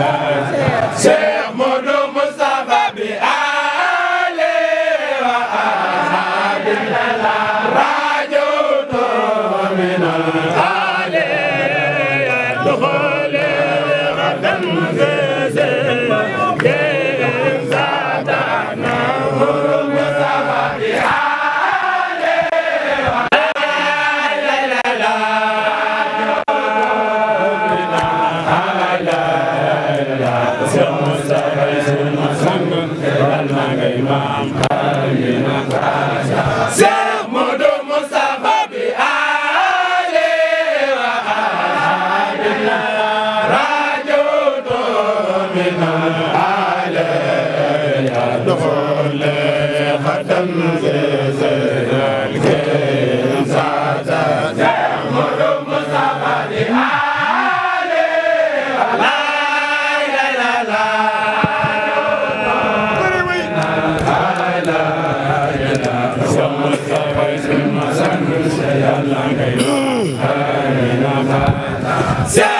Brasil. دخول ختم زيزل الكيل ساتا زعمر مصطفى لآله لا لا لا لا Yeah.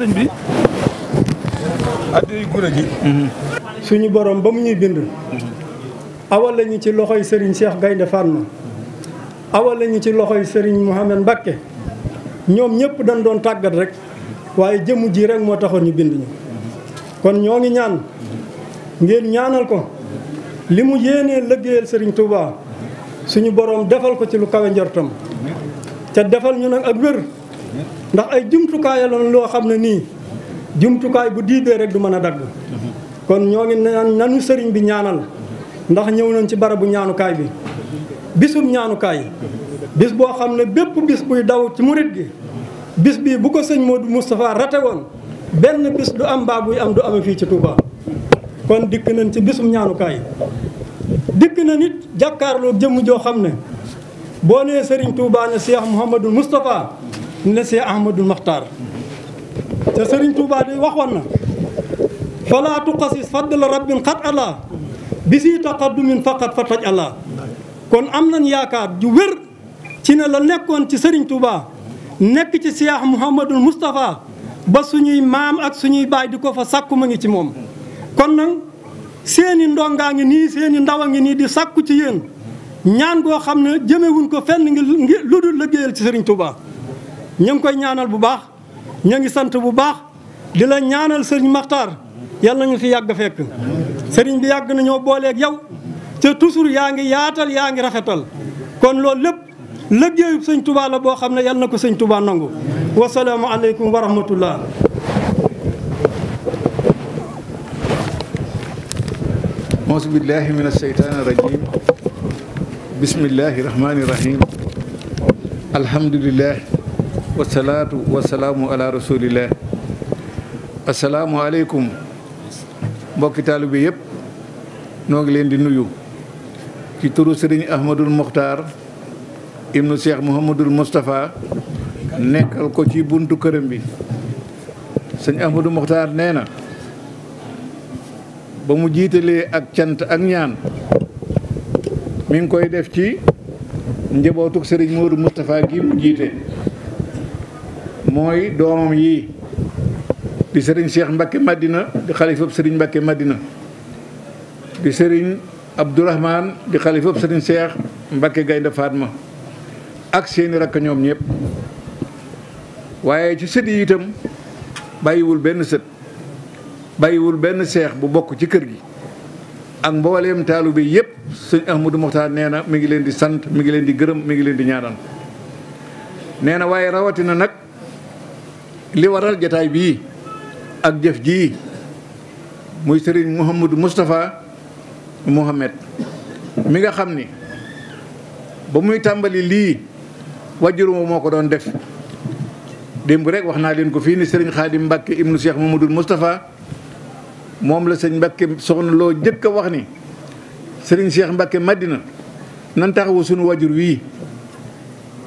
sëñ bi addiya mhm. suñu borom ba mu ñuy bind mhm. awal lañu ci loxoy sëriñ seex Gaynde Fatma awal lañu ci loxo yi sëriñ Mouhamed Mbakke ñoom ñëpp dañ doon tàggat rek waaye jëmm ji rek moo taxoon ñu bind ñu kon ñoo ngi ñaan ngeen ñaanal ko li mu yéenee lëggéeyal sëriñ Touba suñu boroom defal ko ci lu kawe njortam ca defal ñu nag ak wér ndax ay jumtukaay loon loo xam ne nii jumtukaay bu diidee rek du mën a dagg kon ñoo ngi naan nanu sëriñ bi ñaanal ndax ñëw nañ ci barabu ñaanukaay bi bisum ñaanukaay bis boo xam ne bépp bis buy daw ci murit gi bis bii bu ko sëñ Modou Moustapha rate woon benn bis du am baa buy am du ame fii ci Touba kon dikk nañ ci bisum ñaanukaay dikk na nit jàkkaarloo jëmm joo xam ne boo nee sëriñ Touba ne Cheikh Mouhamadou Moustapha ñu ne see Ahmadul Maxtaar te Serigne Touba day waxoon na fala tuqasis faddala rabbin xat ala bisi taqaddumin faqat fa taj ala kon am nañ yaakaar ju wér ci ne la nekkoon ci Serigne Touba nekk ci Cheikh Mouhamadul Moustapha ba suñuy maam ak suñuy baay di ko fa sàkku ma ngi ci moom kon nag seeni ndongaa ngi nii seeni ndaw a ngi nii di sàkku ci yéen ñaan goo xam ne jëmewuñ ko fenn ngi lu dul liggéeyal ci Serigne Touba ñu ngi koy ñaanal bu baax ñu ngi sant bu baax di la ñaanal sëriñ Maxtaar yàlla nañu fi yàgg fekk sëriñ bi yàgg nañoo booleeg yow te toujours yaa ngi yaatal yaa ngi rafetal kon loolu lépp liggéeyu sëñ Touba la boo xam ne yàlla na ko sëñ Touba nangu wasalaamu aleykum wa rahmatullah auzu billahi min asheytaani rajim bismillahi rahmaani rahim alhamdulillah wasalaatu wasalaamu ala rasulillah asalaamualeykum mbokki taalibe yépp noo ngi leen di nuyu ci turu sëriñ ahmadul muxtaar ibnu cheikh mouhamadul moustapha nekkal ko ci buntu këram bi sëñ ahmadul muxtaar nee na ba mu jiitalee ak cant ak ñaan mi ngi koy def ci njabootuk sëriñ Modou Moustapha gi mu jiite moy domam yi di serigne cheikh mbakke madina di xalifab serigne mbakke madina di serigne abdourahman di xalifab serigne cheikh mbakke gaynde fatma ak seen rak ñom ñep waye ci seed yi itam bayiwul ben seed bayiwul ben cheikh bu bok ci kër gi ak mbolem talube yep Ahmadou Mokhtar neena mi ngi leen di sant mi ngi leen di gërem mi ngi leen di ñaanal neena waye rawati na nak li waral jataay bii ak jëf jii muy sëriñ Mouhamadou Moustapha Mouhamed mi nga xam ni ba muy tàmbali lii wajuruma moo ko doon def démb rek wax naa leen ko fii ni sëriñ Xaadim Mbàkke ibnu Cheikh Mouhamadou Moustapha moom la sëñ Mbàkke soxna loo jëkk a wax ni sëriñ Cheikh Mbàkke Madina nan taxawu sunu wajur wii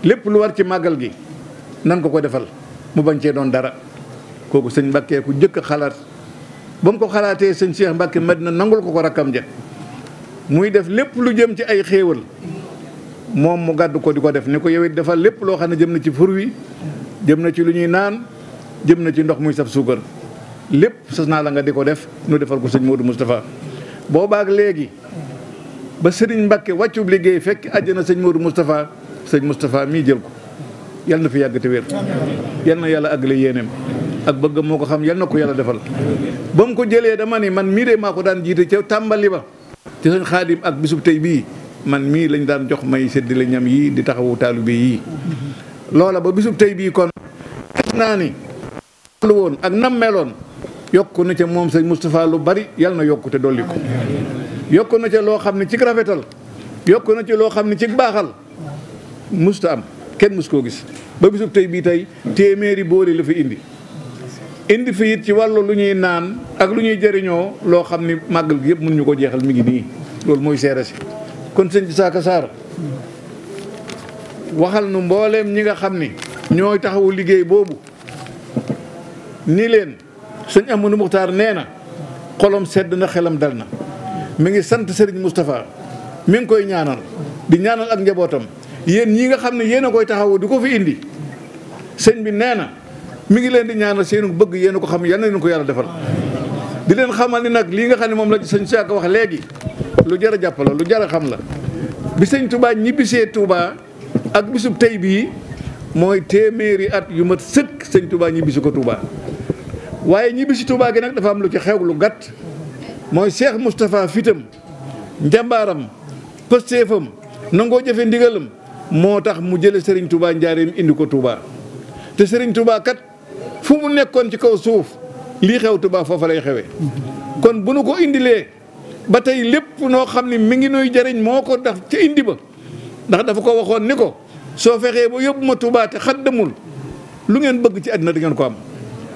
lépp lu war ci màggal gi nan ko ko defal mu bañ cee doon dara kooku sëñ Mbàkke ku jëkk a xalaat ba mu ko xalaatee sëñ Cheikh Mbàkke Madina nangul ko ko rakkam ja muy def lépp lu jëm ci ay xéewal moom mu gàdd ko di ko def ni ko yow defal lépp loo xam ne jëm na ci fur jëm na ci lu ñuy naan jëm na ci ndox muy saf suukar lépp sas naa la nga di ko def nu defal ko sëñ Modou Moustapha boobaak léegi ba sëriñ Mbàkke wàccu liggéey fekk àjjana sëñ Modou Moustapha sëñ Moustapha mii jël ko yal na fi yàgg te wér yal na yàlla àggale yéeneem ak bëgg moo ko xam yal na ko yàlla defal ba mu ko jëlee dama ni man mii de maa ko daan jiite ca tàmbali ba ci sëñ xaadim ak bisub tey bii man mii lañ daan jox may séddale ñam yii di taxawu taalibe yii loola ba bisub tey bii kon naa ni lu ak nam meloon yokk na ca moom sëñ mustafa lu bari yal na yokku te dolli ko yokk na ca loo xam ne ci rafetal yokk na ci loo xam ne ci baaxal musta am kenn mës koo gis ba bisub tey bii tey téeméeri boori la fi indi indi fi it ci wàllu lu ñuy naan ak lu ñuy jëriñoo loo xam ni màggal gi yëpp mën ñu ko jeexal mi ngi nii loolu mooy seere si kon sëñ Saaka Saar waxal nu mbooleem ñi nga xam ni ñooy taxawu liggéey boobu ni leen sëñ Amadou Muxtaar nee na xolom sedd na xelam dal na mu ngi sant Serigne Moustapha mi ngi koy ñaanal di ñaanal ak njabootam Yen ñi nga yen yen yéen koy taxawu di ko fi indi señ bi neena mi ngi leen di ñaanal seenu bëgg yen ko xam yalla ñu ko yalla defal di leen xamal ni nak li nga xamne mom la ci señ Cheikh wax legi lu jara japp la lu jara xam la bi señ Touba ñibbisee Touba ak bisub tey bi moy téméri at yu mat sëkk señ Touba ñibbisi ko Touba waaye ñibbisi Touba gi nak dafa am lu ci xew lu gatt moy Cheikh mustapha fitam nango jëfé ndigalam moo tax mu jële Serigne Touba njaareem indi ko Touba te Serigne Touba kat fu mu nekkoon ci kaw suuf lii xew Touba foofa lay xewee kon bu nu ko indilee ba tey lépp noo xam ne mi ngi nuy jariñ moo ko daf ca indi ba ndax dafa ko waxoon ni ko soo fexee ba yóbbu ma Touba te xaddamul lu ngeen bëgg ci àddina di ngeen ko am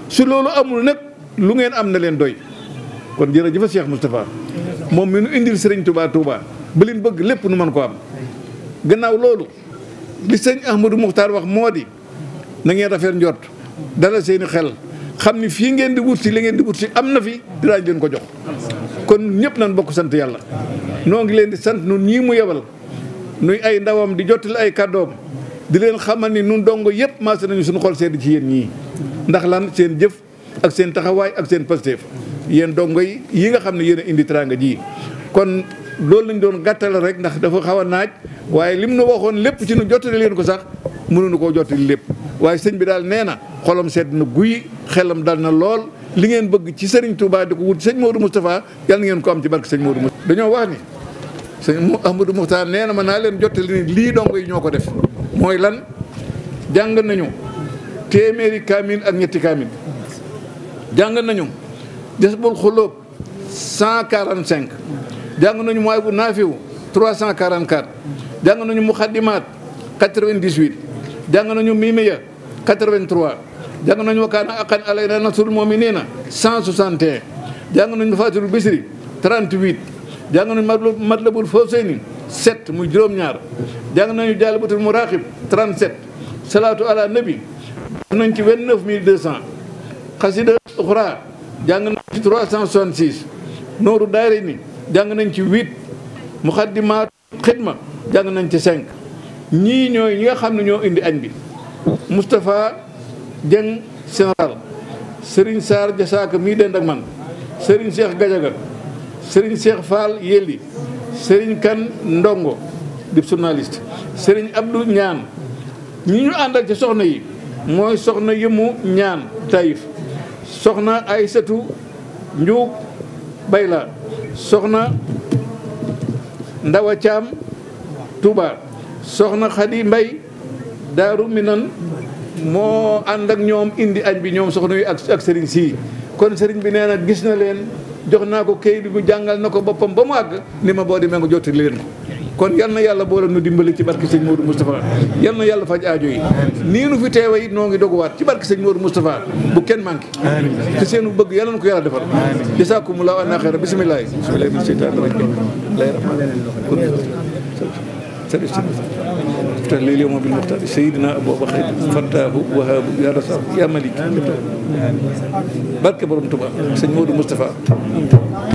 su loolu amul nag lu ngeen am na leen doy kon jërëjëf Cheikh Moustapha moom mi nu indil Serigne Touba Touba ba leen bëgg lépp nu mën ko am gannaaw loolu li sëñ Ahmadou Moukhtar wax moo di na ngeen rafet njort dala seeni xel xam ni fii ngeen di wut si li ngeen di wut si am na fi dinaañ leen ko jox kon ñëpp nañ bokk sant yàlla noo ngi leen di sant nun ñii mu yebal nuy ay ndawam di jottali ay kàddoom di leen xamal ni nun dongo yëpp maase nañu suñu xol sedd ci yéen ñii ndax lan seen jëf ak seen taxawaay ak seen pasteef yéen dongo yi yi nga xam ne yéen a indi teraanga ji kon loolu lañ doon gàttale rek ndax dafa xaw naaj waaye lim nu waxoon lépp ci nu jottali leen ko sax mënuñu koo jottali lépp waaye sëñ bi daal nee na xolam sedd na guy xelam dal na lool li ngeen bëgg ci sëriñ Touba di ko wut sëñ Modou Moustapha yàlla ngeen ko am ci barke sëñ Modou Moustapha dañoo wax ni sëñ Ahmadou Moustapha nee na ma naa leen jottali ni lii dongo yi ñoo ko def mooy lan jàng nañu téeméeri kaamil ak ñetti kaamil jàng nañu des bul xulóob 145 jàng nañu mu mooy bu naafiw 344 jàng nañu muxaddimaat 98 jàng nañu mimiya 83 jàng nañu wa kaana aqan alayna nasrul muminina 161 jàng nañu faatilu bisri 38 jàng nañu matlabul fawseyni 7 muy juróom-ñaar jàng nañu jaalibatul muraqib 37 salaatu ala nabi nañ ci 29200 xasida uxra jàng nañ ci 366 nooru daare ni jàng nañ ci huit muxaddimaat xidma jàng nañ ci cinq ñii ñooy ñi nga xam ne ñoo indi añ bi Moustapha Dieng général Serigne Sarr Jasaaka mii dend ak man Serigne Cheikh Gajaga Serigne Cheikh Fall Yelli Serigne Kan Ndongo di journaliste Serigne Abdou Ñaan ñi ñu àndal ci soxna yi mooy soxna yëmu ñaan Taïf soxna ay sëtu Njuug Bayla soxna Ndawa Thiam Touba soxna Khady Mbaye Daaru Minan moo ànd ak ñoom indi añ bi ñoom soxna yi ak ak sëriñ sii kon sëriñ bi nee na gis na leen jox naa ko kayit bu jàngal na ko boppam ba mu àgg ni ma boo demee nga jottali leen ko kon yal na yàlla boole nu dimbali ci barke sëñ Modou Moustapha yal na yàlla faj aajo yi nii nu fi teewe it noo ngi doguwaat ci barke sëñ Modou Moustapha bu kenn manqué te seenu bëgg yal na ko yàlla defal jasakumullahu anna xeera bisimilah bisimilah min seytaan rajim lay rahmaan سرش افتح لي اليوم بالمختار سيدنا ابو بكر فتاه وهاب يا رسول يا ملك بركه برمتبا سيدنا مصطفى